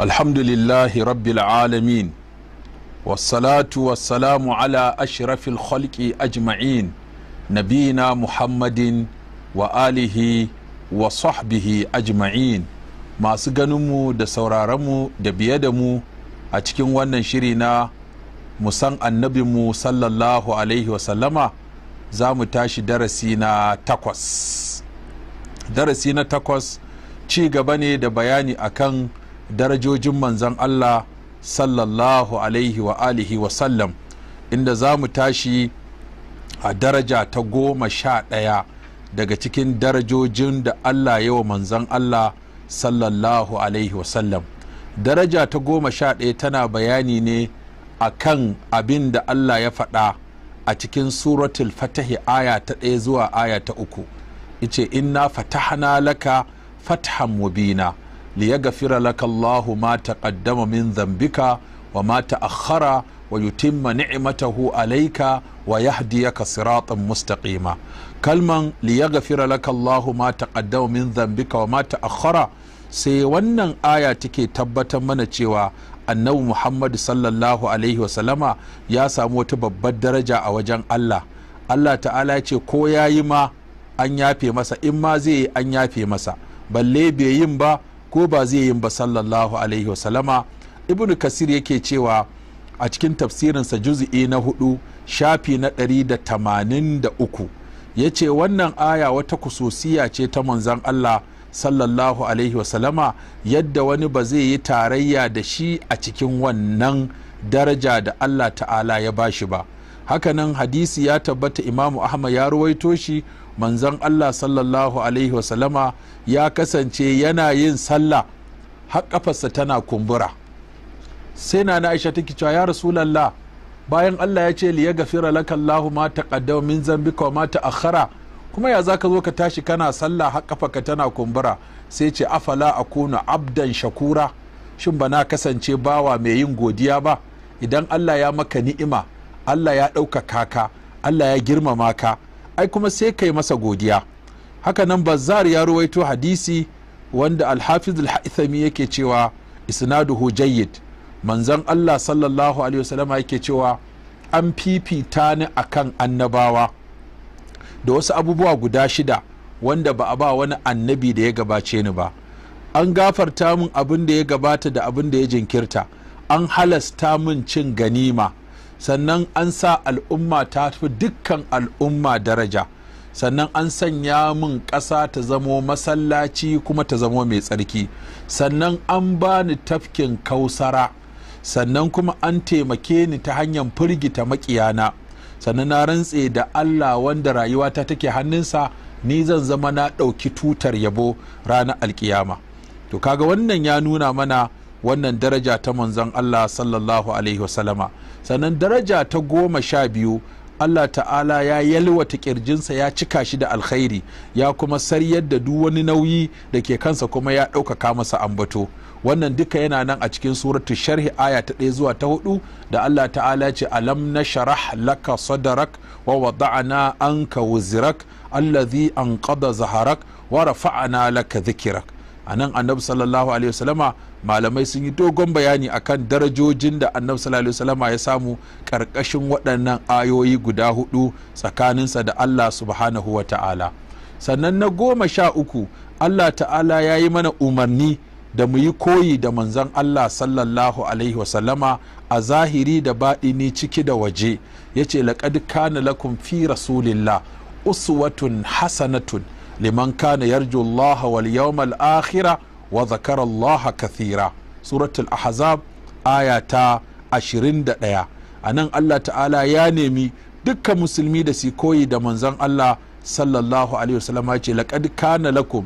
alhamdulillahi rabbil alamin wasalatu wasalamu ala ashirafil khalki ajma'in nabi na muhammadin wa alihi wa sahbihi ajma'in masu ganinmu da sauraranmu da biye da mu a cikin wannan shiri na san annabinmu sallallahu alaihi wasallama za mu tashi darasi na takwas darasi na takwas ci gaba ne da bayani akan darajojin manzan Allah sallallahu alaihi wa alihi wa sallam inda za mu tashi a daraja ta goma sha ɗaya daga cikin darajojin da Allah ya wa manzan Allah sallallahu alaihi wa sallam daraja ta goma sha ɗaya tana bayani ne a kan abin da Allah ya faɗa a cikin suratul fatahi aya ta ɗaya zuwa aya ta uku ice inna fatahna laka fathan mubina ليغفر لك الله ما تقدم من ذنبك وما تأخر ويتم نعمته عليك ويهديك صراطا مستقيما كلمة ليغفر لك الله ما تقدم من ذنبك وما تأخر sai wannan aya take tabbatar mana cewa annabi muhammadu sallallahu ya samu wata babbar daraja a wajen allah allah ta'ala ya ce ko ya yi ma an yafe masa in ma zai yi an yafe masa balle bai yin ba ko ba zai yi ba sallallahu alaihi wasallama ibnu kasir yake cewa a cikin tafsirinsa juzi'i na hudu shafi na ɗari da tamanin da uku ya ce wannan aya wata kususiya ce ta manzan Allah sallallahu alaihi wasallama yadda wani ba zai yi tarayya da shi a cikin wannan daraja da Allah ta'ala ya bashi ba hakanan hadisi ya tabbata imamu ahmad ya ruwaito shi manzon allah sallallahu alaihi wasallama ya kasance yana yin sallah har kafarsa tana kumbura sai na aisha take cewa ya lalla bayan allah ya ce li ya gafira laka allahu ma taqaddama min zambika wa ma kuma ya zaka zo ka tashi kana sallah har ka tana kumbura sai ce afala a akuna abdan shakura shin ba na kasance bawa mai yin godiya ba idan Allah ya maka ni'ima Allah ya ɗaukaka ka Allah ya girmama ka ai kuma sai kai masa godiya haka nan bazzar ya ruwaito hadisi wanda alhafiz al-haithami yake cewa isnaduhu jayyid manzon Allah sallallahu alaihi wasallama yake cewa an fifita ni akan annabawa da wasu abubuwa guda shida wanda ba a ba wani annabi da ya gabace ni ba an gafarta min abin da ya gabata da abin da ya jinkirta an halasta min cin ganima sannan an sa al'umma ta fi dukkan al'umma daraja sannan an sanya min ƙasa ta zamo masallaci kuma ta zamo mai tsarki sannan an bani tafkin kausara sannan kuma an taimake ni ta hanyar firgita makiyana sannan na rantse da allah wanda rayuwata take hannunsa ni zan zama na ɗauki tutar yabo ranar alkiyama to kaga wannan ya nuna mana wannan daraja ta manzon Allah sallallahu alaihi wasallama sannan daraja ta goma sha biyu Allah ta'ala ya yalwata kirjinsa ya cika shi da alkhairi ya kuma saryar da duk wani nauyi da ke kansa kuma ya ɗaukaka masa ambato wannan duka yana nan a cikin suratu sharhi aya ta ɗaya zuwa ta hudu da Allah ta'ala ce alam na sharah laka sadarak wa wada'ana anka wuzirak allazi anqada zaharak wa rafa'ana laka zikirak a nan annabi sallallahu alaihi wasallama malamai sun yi dogon bayani akan darajojin da annabi sallallahu alaihi wasallama ya samu karkashin waɗannan ayoyi guda hudu tsakaninsa da allah subhanahu wa ta'ala sannan na goma sha uku allah ta'ala ya yi mana umarni da mu yi koyi da manzan allah sallallahu alaihi wasallama a zahiri da baɗi baɗini ciki da waje ya ce laƙad kana lakum fi rasulillah uswatun hasanatun liman kana yarju Allah wal yawmal akhira wa zakara Allah kathira suratul ahzab aya ta 21 anan Allah ta'ala ya nemi dukkan musulmi da su koyi da manzon Allah sallallahu alaihi wasallam ya ce laqad kana lakum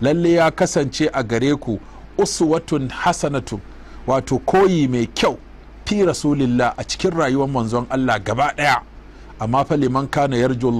lalle ya kasance a gare ku uswatun Hassanatu wato koyi mai kyau fi rasulillah a cikin rayuwar manzon Allah gaba daya amma fa liman kana yarju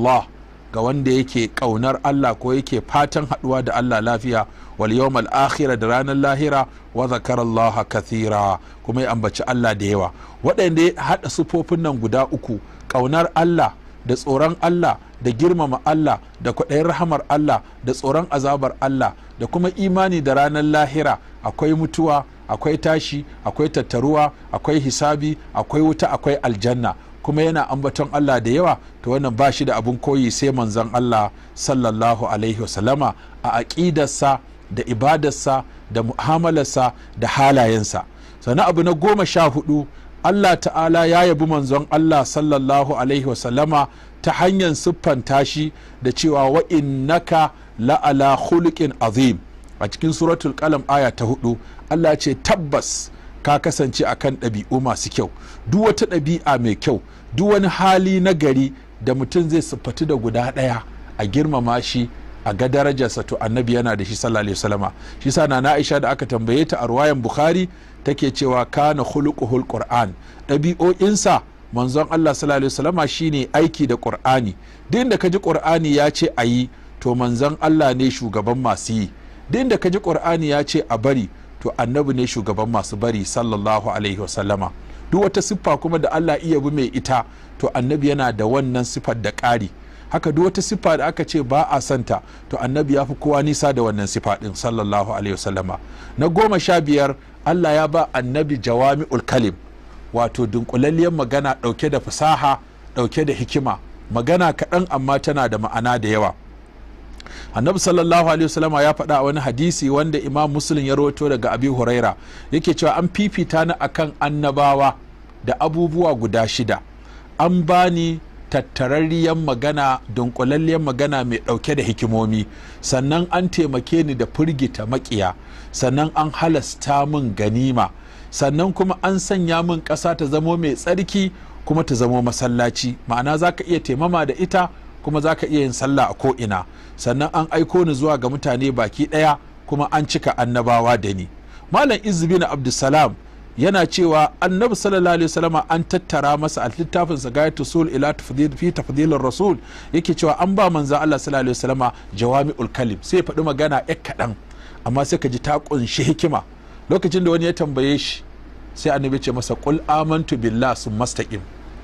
ga wanda yake kaunar Allah ko yake fatan haɗuwa da Allah lafiya wal yawmal akhira da ranar lahira wa Allah kathira kuma ya ambaci Allah da yawa waɗanda hada haɗa sufofin nan guda uku kaunar Allah da tsoron Allah da girmama Allah da kwaɗayin rahamar Allah da tsoron azabar Allah da kuma imani da ranar lahira akwai mutuwa akwai tashi akwai tattaruwa akwai hisabi akwai wuta akwai aljanna kuma yana ambaton Allah da yawa to wannan ba shi da abun koyi sai manzon Allah sallallahu alaihi wasallama a aƙidarsa da ibadarsa da mu'amalarsa da halayensa sannan abu na goma sha hudu Allah ta'ala ya yabi manzon Allah sallallahu alaihi wasallama ta hanyar siffanta shi da cewa wa innaka la'ala khuluqin azim a cikin suratul qalam aya ta hudu Allah ce tabbas ka kasance a kan ɗabi'u masu kyau duk wata ɗabi'a mai kyau duk wani hali na gari da mutum zai siffatu da guda ɗaya a girmama shi a ga darajarsa to annabi yana da shi sallallahu alaihi wasallama shi sa na Aisha da aka tambaye ta a ruwayan Bukhari take cewa kana khuluquhul Qur'an ɗabi'o'insa manzon Allah sallallahu alaihi wasallama shine aiki da Qur'ani duk inda kaji Qur'ani ya ce ayi to manzon Allah ne shugaban masu yi duk inda kaji Qur'ani ya ce a bari to annabi ne shugaban masu bari sallallahu alaihi wasallama duk wata siffa kuma da Allah iya bi mai ita to annabi yana da wannan siffar da ƙari haka duk wata siffa da aka ce ba a santa to annabi ya fi kowa nisa da wannan siffa din sallallahu alaihi wasallama na goma sha biyar Allah ya ba annabi jawami'ul kalim wato dunkulalliyar magana ɗauke da fasaha ɗauke da hikima magana kaɗan amma tana da ma'ana da yawa annabi sallallahu alaihi wasallama ya faɗa wani hadisi wanda imam muslim ya rawaito daga abi huraira yake cewa an fifita ni akan annabawa da abubuwa guda shida an bani tattararriyar magana dunkulalliyar magana mai ɗauke da hikimomi sannan an taimake ni da firgita makiya sannan an halasta min ganima sannan kuma an sanya min ƙasa ta zamo mai tsarki kuma ta zamo masallaci ma'ana za ka iya taimama da ita kuma za ka iya yin sallah a ko'ina sannan an aiko ni zuwa ga mutane baki ɗaya kuma an cika annabawa da ni malam izbin abdulsalam yana cewa annabi sallallahu alaihi wasallama an tattara masa a littafin sa gayat usul ila fi tafdilir rasul yake cewa an ba manzo Allah sallallahu alaihi wasallama jawami'ul kalim sai ya faɗi magana ya kaɗan amma sai ka ji ta kunshi hikima lokacin da wani ya tambaye shi sai annabi ce masa qul amantu billahi sun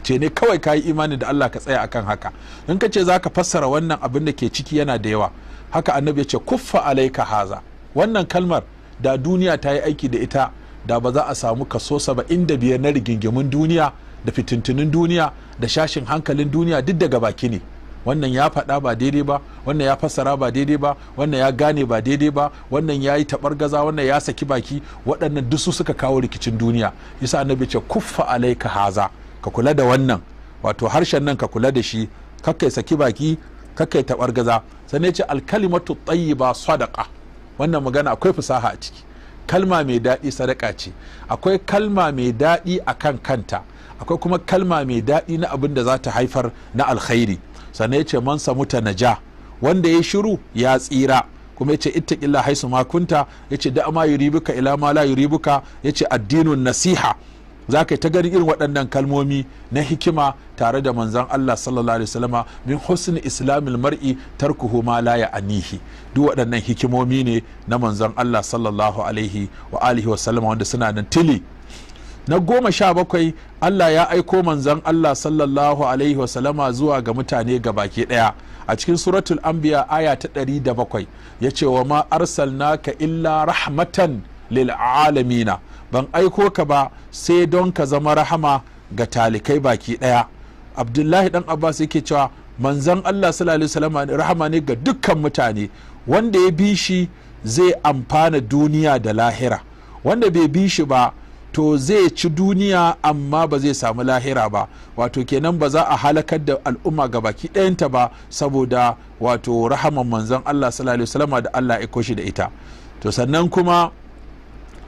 ce ne kawai ka yi imani da Allah ka tsaya akan haka in ka ce za ka fassara wannan abin da ke ciki yana da yawa haka annabi ya ce kuffa alaika haza wannan kalmar da duniya ta yi aiki da ita da ba za a samu kaso saba'in da biyar na rigingimin duniya da fitintunin duniya da shashin hankalin duniya duk daga baki ne wannan ya faɗa ba daidai ba wannan ya fassara ba daidai ba wannan ya gane ba daidai ba wannan ya yi gaza wannan ya saki baki waɗannan dusu suka kawo rikicin duniya yasa annabi ce kuffa alaika haza ka kula da wannan wato harshen nan ka kula da shi kakai saki baki tabar gaza. sai ne ce alkalimatu tayyiba sadaqa wannan magana akwai fasaha a ciki kalma mai daɗi sadaka ce akwai kalma mai daɗi akan kanta akwai kuma kalma mai daɗi na abin da za ta haifar na alkhairi sai ya ce man samu ta naja wanda ya shiru ya tsira kuma yace ce ittaqilla haisu makunta ya ce da ma yuribuka ila ma la yuribuka ya addinun nasiha za ka yi ta gari irin waɗannan kalmomi na hikima tare da manzan Allah sallallahu alaihi wasallama min husn islamil mar'i tarkuhu ma la ya'nihi duk waɗannan hikimomi ne na manzan Allah sallallahu alaihi wa alihi wasallama wanda suna nan tili na goma sha bakwai Allah ya aiko manzan Allah sallallahu alaihi wasallama zuwa ga mutane ga baki ɗaya a cikin suratul anbiya aya ta ɗari da bakwai ya ce wa ma arsalnaka illa rahmatan lil alamina ban aiko ka ba sai don ka zama rahama ga talikai baki ɗaya abdullahi dan abbas yake cewa manzan allah sallallahu alaihi rahama ne ga dukkan mutane wanda ya bi shi zai amfana duniya da lahira wanda bai bi shi ba to zai ci duniya amma ba zai samu lahira ba wato kenan ba za a halakar da al'umma ga baki ɗayanta ba saboda wato rahaman manzon Allah sallallahu alaihi da Allah ya shi da ita to sannan kuma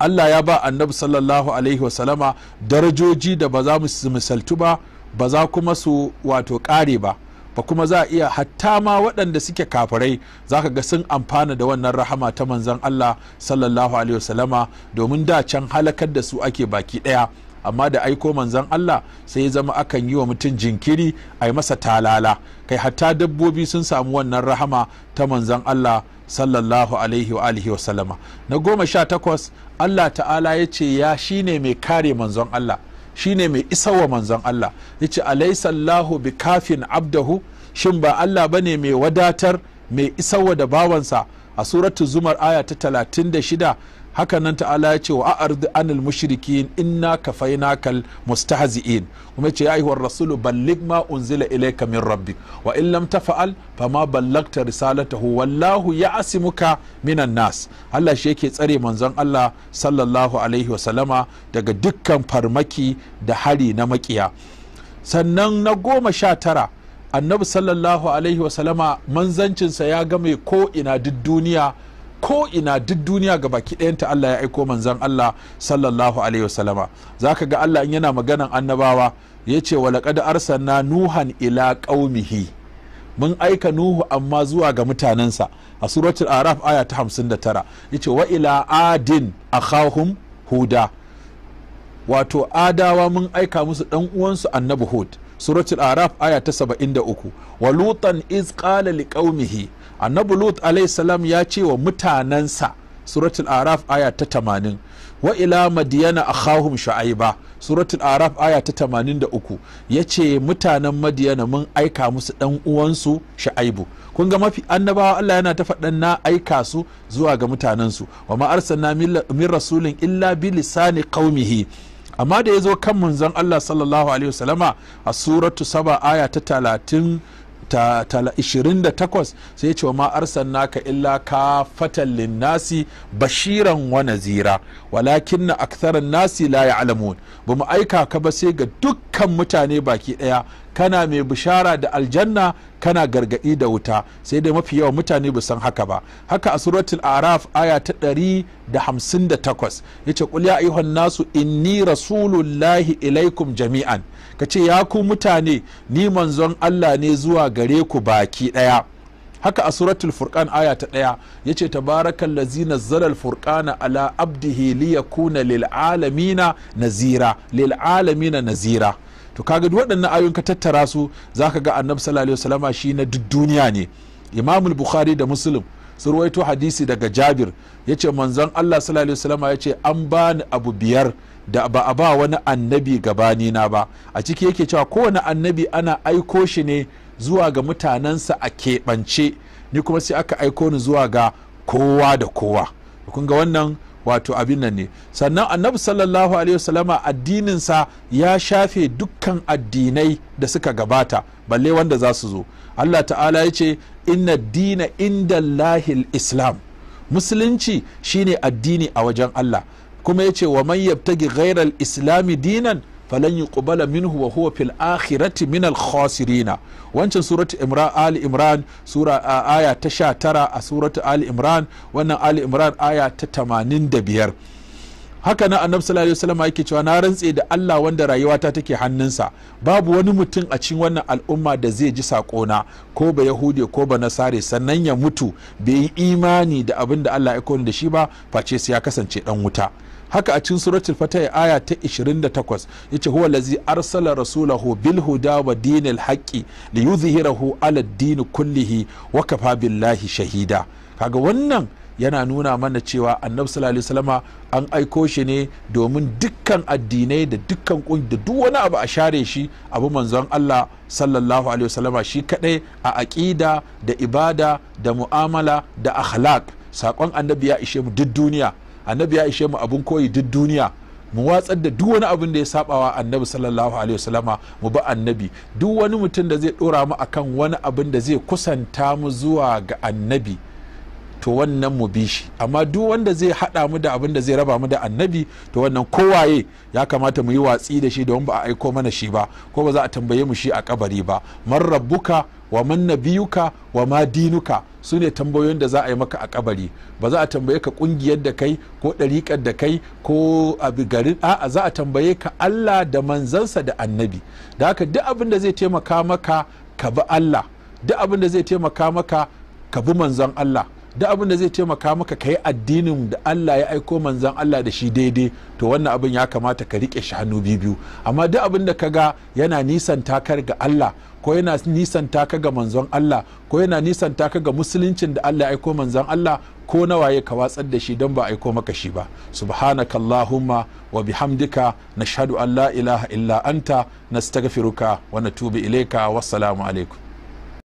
Allah ya ba annabi sallallahu alaihi wasallama darajoji da ba za mu misaltu ba ba za kuma su wato ƙare ba ba kuma za a iya hatta ma waɗanda suke kafirai za ka ga sun amfana da wannan rahama ta manzan Allah sallallahu alaihi wasallama domin da can halakar da su ake baki ɗaya amma da aiko manzan Allah sai zama akan yi wa mutum jinkiri a yi masa talala kai hatta dabbobi sun samu wannan rahama ta manzan Allah sallallahu alaihi wa alihi wasallama na goma sha takwas Allah ta'ala ya ce ya shine mai kare manzon Allah shine mai wa manzon Allah ya ce alaisallahu bi kafin abdahu shin ba Allah ba ne mai wadatar mai isarwa da bawansa a suratu zumar aya ta talatin da shida haka nan ta'ala ya ce wa a'ardi anil mushrikin inna kafainakal mustahzi'in kuma ce ya ayyuhar rasulu balligh ma unzila ilayka min rabbi wa in lam tafa'al fama ballagta risalatahu wallahu ya'simuka minan nas Allah shi yake tsare manzon Allah sallallahu alaihi wa salama daga dukkan farmaki da hari na makiya sannan na goma sha tara annabi sallallahu alaihi wa salama manzancinsa ya game ko ina duk duniya ko ina duk duniya ga baki ɗayanta Allah ya aiko manzon Allah sallallahu alaihi wasallama zaka ga Allah in yana maganan annabawa ya ce wa laqad arsalna nuhan ila qaumihi mun aika nuhu amma zuwa ga mutanensa a suratul araf aya ta 59 yace wa ila adin akhahum huda wato adawa mun aika musu dan uwansu annabi hud suratul araf aya ta uku wa lutan iz qala liqaumihi annabi lut alayhi ya ce wa mutanansa suratul araf aya ta wa'ila wa ila madiyana akhahum shu'aiba suratul araf aya ta tamanin da ya yace mutanen madiyana mun aika musu dan uwansu shu'aibu kun ga mafi annabawa Allah yana ta faɗan na aika su zuwa ga mutanensu wa ma arsalna min rasulin illa bi lisani qaumihi amma da ya zo kan manzon Allah sallallahu alaihi wasallama a suratu saba aya ta talatin ta 28 sai ya ce wa ma naka illa ka fatan linnasi bashiran wa nazira walakin na aktharan nasi la alamun ba mu aika ka ba sai ga dukkan mutane baki daya kana mai bishara da aljanna kana gargadi da wuta sai dai mafi yawan mutane ba san haka ba haka a suratul araf aya ta 158 yace qul ya ayyuhan nasu inni rasulullahi ilaikum jami'an kace ya ku mutane ni manzon Allah ne zuwa gare ku baki daya haka a suratul furqan aya ta daya yace tabarakal lazi nazzala al furqana ala abdihi liyakuna lil alamina nazira lil alamina nazira to kaga duk waɗannan ayoyin ka tattara su za ka ga annabi sallallahu alaihi wasallama shi na duk duniya ne imamul bukhari da muslim sun ruwaito hadisi daga jabir ya ce manzon allah sallallahu alaihi wasallama ya ce an bani abu biyar da ba a ba wani annabi gabani na ba a ciki yake cewa kowane annabi ana aiko shi ne zuwa ga mutanensa a keɓance ni kuma sai aka aiko ni zuwa ga kowa da kowa kun ga wannan wato abin nan ne sannan annabi sallallahu alaihi wasallama addininsa ya shafe dukkan addinai da suka gabata balle wanda za su zo allah ta'ala ya ce inna dina inda lahil islam musulunci shine addini a wajen allah kuma ya ce wa man yabtagi ghairal islami dinan falan yuqbala minhu wa huwa fil akhirati min al khasirina wancan suratu imran ali imran sura aya ta 19 a suratu ali imran wannan ali imran aya ta 85 haka nan annabi sallallahu alaihi wasallam yake cewa na rantse da Allah wanda rayuwata take hannunsa babu wani mutum a cikin wannan al'umma da zai ji na. ko ba yahudi ko ba nasare sannan ya mutu bai yi imani da abin da Allah ya kone da shi ba face sai ya kasance dan wuta haka a cikin suratul fatah aya ta 28 yace huwa allazi arsala rasulahu bil huda wa dinil haqqi li yuzhirahu ala din kullihi wa kafa billahi shahida kaga wannan yana nuna mana cewa annabi sallallahu alaihi wasallama an aiko shi ne domin dukkan addinai da dukkan kungi da duk wani abu a share shi abu manzon Allah sallallahu alaihi wasallama shi kadai a aqida da ibada da mu'amala da akhlaq sakon annabi ya ishe mu duk duniya annabi ya ishe mu abun koyi duk duniya mu watsar da duk wani abin da ya sabawa annabi sallallahu alaihi wasallama mu ba annabi duk wani mutum da zai dora mu akan wani abin da zai kusanta mu zuwa ga annabi to wannan mu bi shi amma duk wanda zai hada mu da abin da zai raba mu da annabi to wannan kowaye ya kamata mu yi watsi da shi don ba a aiko mana shi ba ko ba za a tambaye mu shi a kabari ba man rabbuka wa man nabiyuka wa ma dinuka su ne tambayoyin da za a yi maka a kabari ba za a tambaye ka kungiyar da kai ko ɗariƙar da kai ko abu garin a'a za a tambaye ka Allah da manzansa da annabi da haka duk abin da zai taimaka maka ka bi Allah duk abin da zai taimaka maka ka bi manzon Allah duk abin da zai taimaka maka ka yi addinin da Allah ya aiko manzan Allah da shi daidai to wannan abin ya kamata ka riƙe shi hannu biyu amma duk abin da ka ga yana nisan takar ga Allah ko yana nisan taka ga manzon Allah ko yana nisan taka ga musuluncin da Allah ya aiko manzon Allah ko na waye ka watsar da shi don ba aiko maka shi ba subhanaka allahumma wa bihamdika nashhadu an la ilaha illa anta nastaghfiruka wa natubu ilayka wassalamu alaikum